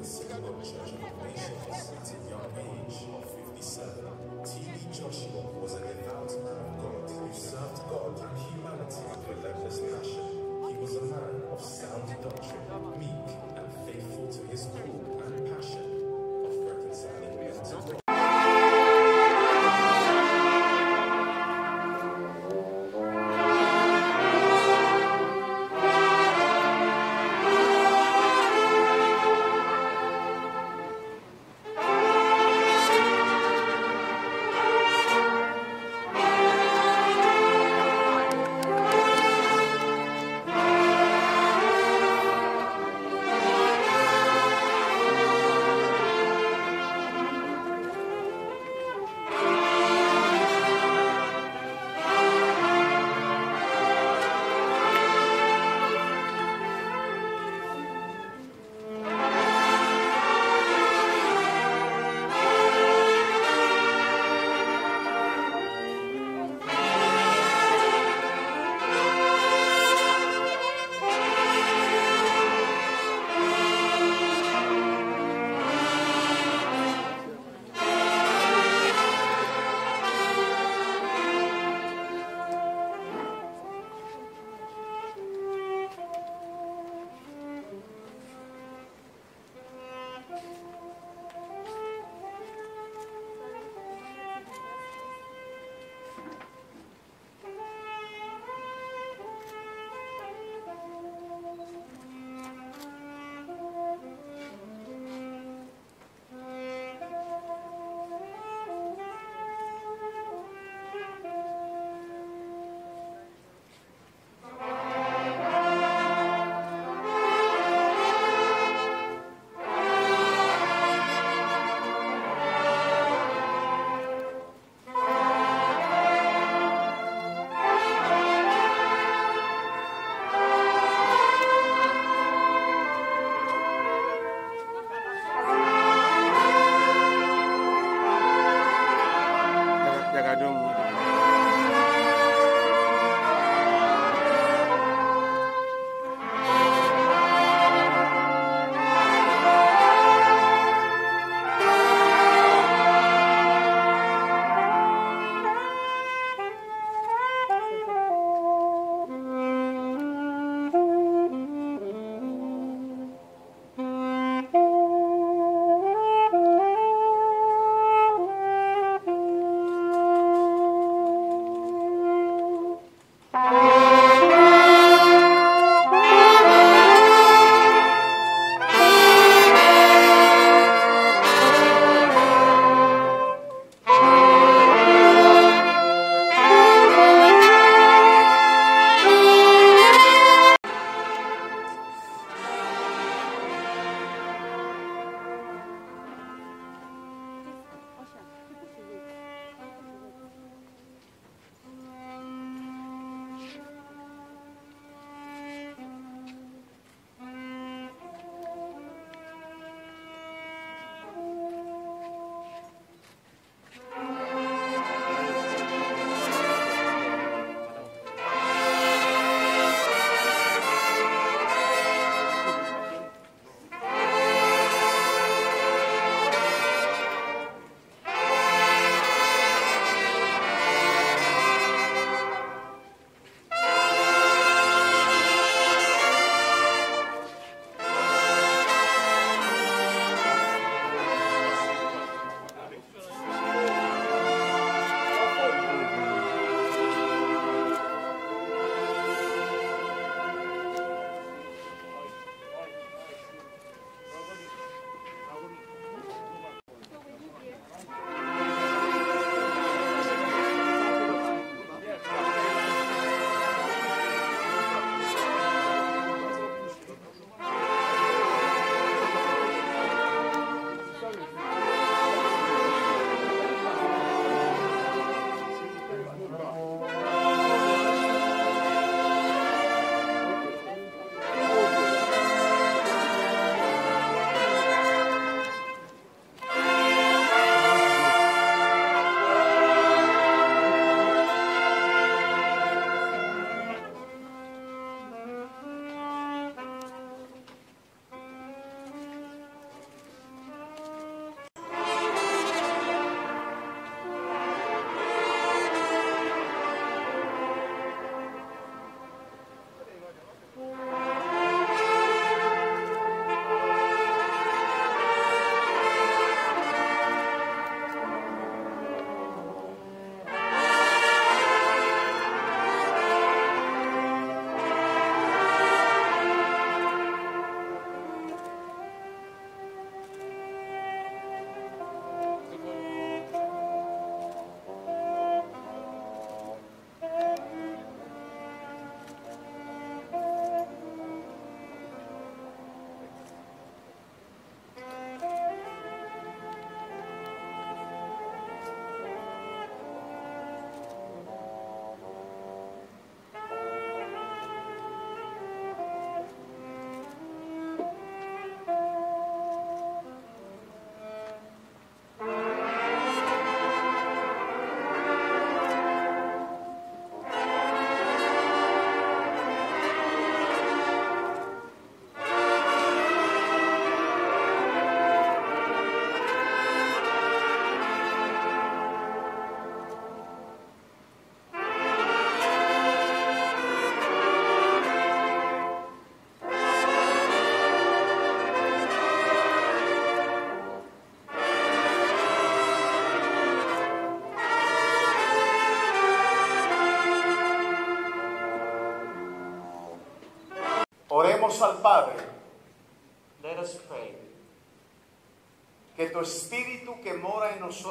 the Second Church of Nations at a young age of 57. T.D. Joshua was a devout man of God who served God and humanity with relentless passion. He was a man of sound doctrine, meek and faithful to his call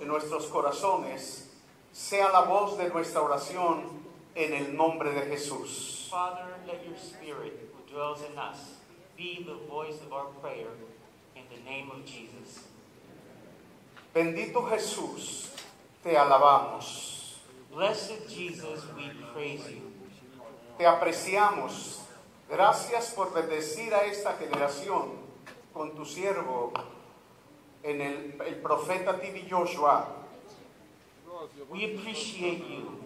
en nuestros corazones sea la voz de nuestra oración en el nombre de Jesús. Father, let your spirit who dwells in us be the voice of our prayer in the name of Jesus. Bendito Jesús, te alabamos. Blessed Jesus, we praise you. Te apreciamos. Gracias por bendecir a esta generación con tu siervo and el, el profeta TV Joshua, we appreciate you.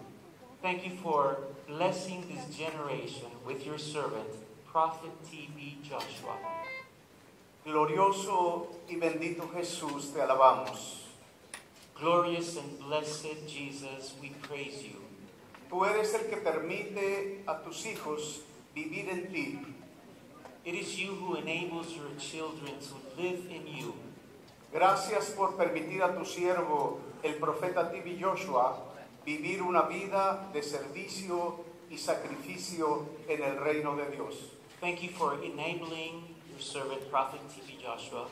Thank you for blessing this generation with your servant, Prophet TV Joshua. Glorioso y bendito Jesús, te alabamos. Glorious and blessed Jesus, we praise you. Tú eres el que permite a tus hijos vivir en ti. It is you who enables your children to live in you. Gracias por permitir a tu siervo, el profeta Tibi Joshua, vivir una vida de servicio y sacrificio en el reino de Dios. Thank you for enabling your servant, Prophet T.B. Joshua,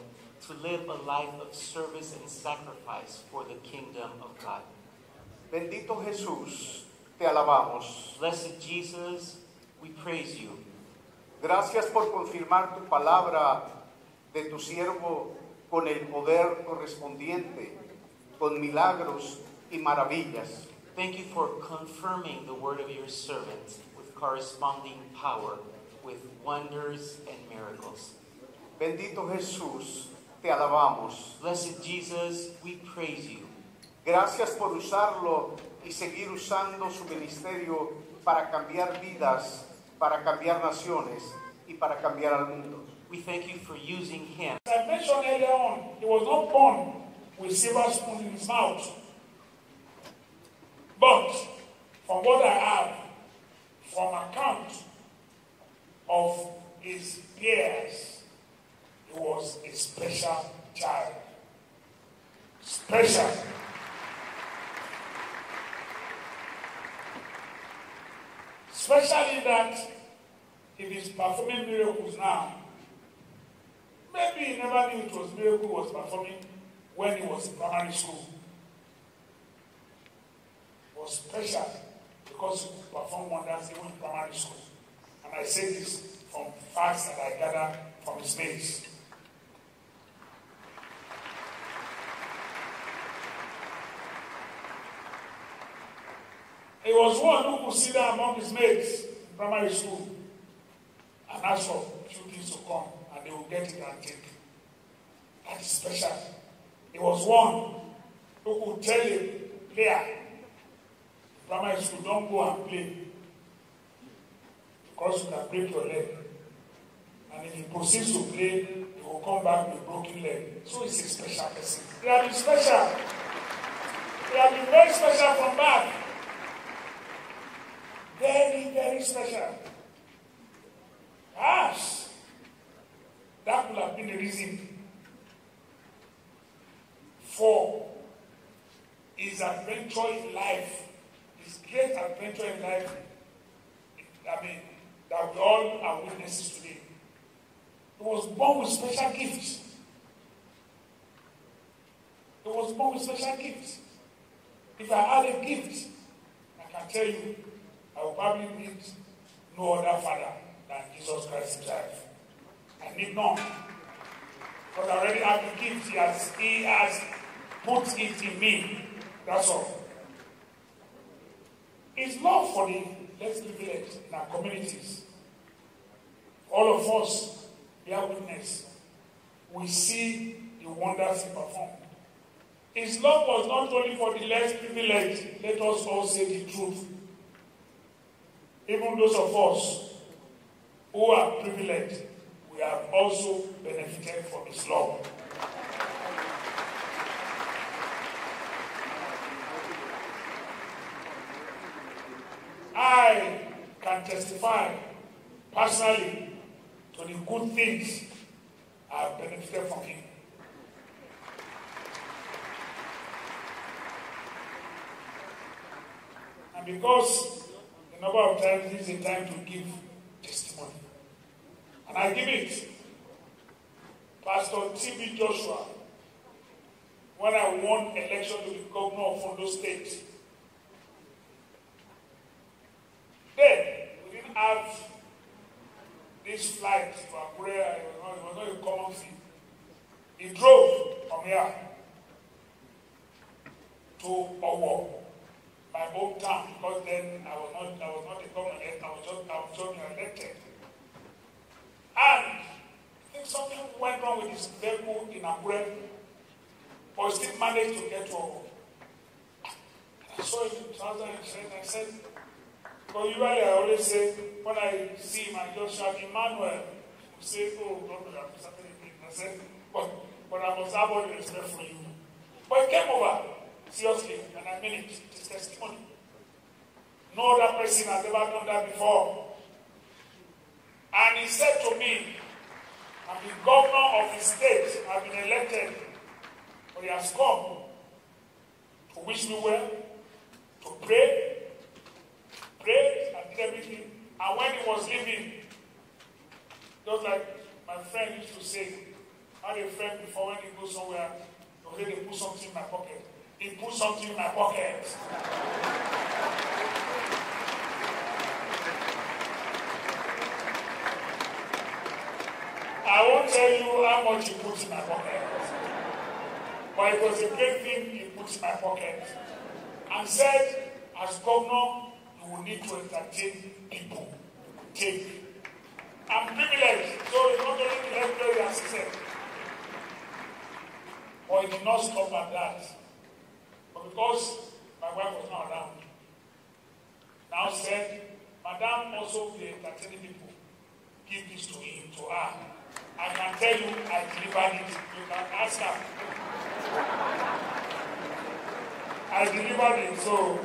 to live a life of service and sacrifice for the kingdom of God. Bendito Jesús, te alabamos. Blessed Jesus, we praise you. Gracias por confirmar tu palabra de tu siervo con el poder correspondiente, con milagros y maravillas. Thank you for confirming the word of your servant with corresponding power, with wonders and miracles. Bendito Jesús, te alabamos. Blessed Jesus, we praise you. Gracias por usarlo y seguir usando su ministerio para cambiar vidas, para cambiar naciones y para cambiar al mundo. We thank you for using him. As I mentioned earlier on, he was not born with silver spoon in his mouth. But from what I have, from account of his peers, he was a special child. Special. Especially that if he's performing miracles now, Maybe he never knew it was who was performing when he was in primary school. It was special because he performed wonders even in primary school. And I say this from facts that I gather from his mates. He was one who could sit down among his mates in primary school and ask for death that came. That is special. He was one who could tell a player, primary school, don't go and play because you can break your leg. And if you proceed to play, you will come back with a broken leg. So he's a special person. He has been special. He has been very special from back. Very, very special. Yes. That would have been the reason for his adventure in life, his great adventure in life, I mean, that we all are witnesses today. He was born with special gifts. He was born with special gifts. If I had a gift, I can tell you, I would probably meet no other father than Jesus Christ himself. I need not, But I already have the gift he has, he has put it in me. That's all. His love for the less privileged in our communities. All of us bear witness. We see the wonders he performed. His love was not only for the less privileged, let us all say the truth. Even those of us who are privileged we have also benefited from his love. I can testify personally to the good things I have benefited from him. And because a number of times is a time to give testimony. And I give it. Pastor T.B. Joshua, when I won election to be governor of Fondo State, then we didn't have this flight to Akure, it was not a common thing. He drove from here to Owo, my hometown, because then I was not, I was not a governor yet, I was just, I was just elected. in Akure but he managed to get to Owo. I saw him in 2010. I said, but usually I always say, when I see my I just shout, Emmanuel. He say, oh, God, I'm something I said, but, but I was able to the respect for you. But he came over, seriously, and I mean it, it's testimony. No other person has ever done that before. And he said to me, have escaped, have been elected, or he has come to wish me well, to pray, pray, and did everything. And when he was leaving, just like my friend used to say, I had a friend before when he goes somewhere, okay, they put something in my pocket. He put something in my pocket. won't tell you how much he put in my pocket. But it was a great thing he put in my pocket. And said, as governor, you will need to entertain people. Take. I'm privileged, so it's not only the health care assistant. But it did not stop at that. But because my wife was not around, now said, Madame also be entertaining people. Give this to him, to her. I can tell you I delivered it. You can ask her. I delivered it. So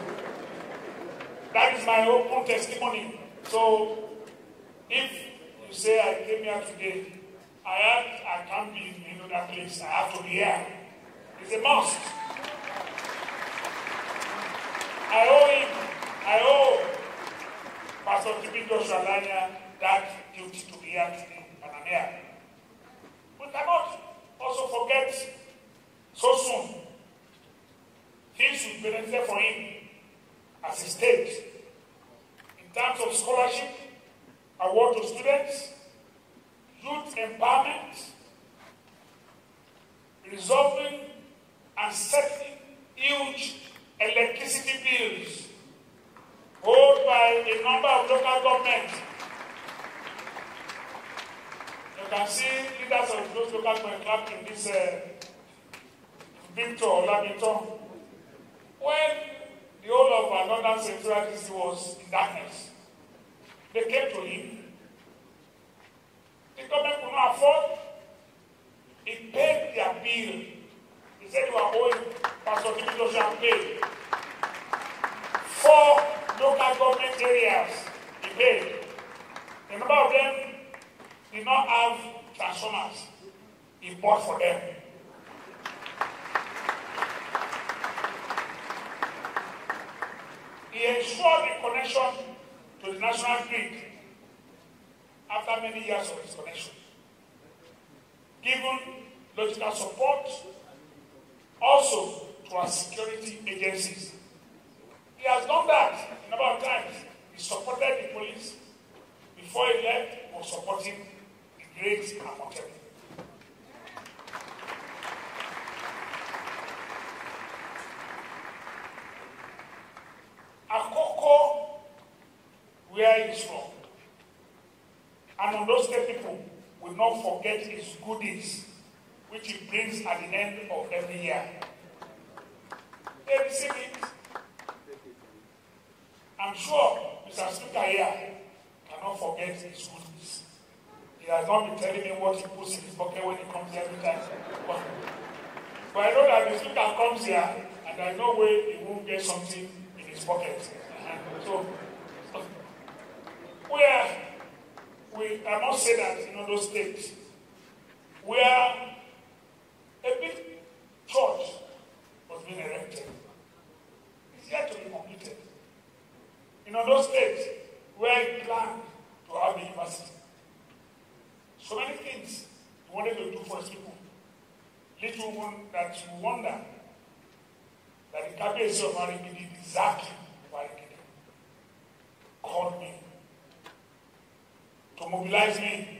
that is my own testimony. So if you say I came here today, I have, I can't be in another place. I have to be here. It's a must. I owe him, I owe Pastor Tibi Joshua Lania that duty to be here today, and I'm here. We cannot also forget so soon things we presented for him as he stayed in terms of scholarship, award to students, youth empowerment, resolving and settling huge electricity bills owed by a number of local governments You can see leaders of those local government in this uh, Victor Olamiton. When the whole of our northern central district was in darkness, they came to him. The government could not afford. He paid their bill. He said, You are owing Pastor Kimito Champagne. Four local government areas he paid. A number of them did not have transformers. He bought for them. He ensured the connection to the national grid after many years of disconnection, given logical support also to our security agencies. He has done that a number of times. He supported the police. Before he left, he was supporting Grace Amoke. Akoko, where he's from. And on those people will not forget his goodies, which he brings at the end of every year. Hey, see it. I'm sure Mr. Speaker here cannot forget his goodies. He has not been telling me what he puts in his pocket when he comes here every time. But, I know that the speaker comes here, and there's no way he won't get something in his pocket. Uh-huh. So, where we, I must say that in other states, where a big church was being erected, it's yet to be completed. In other states, where it planned to have the university. So many things he wanted to do for people. Little one that you wonder that the cabinet of Marikidi is exactly Marikidi called me to mobilize me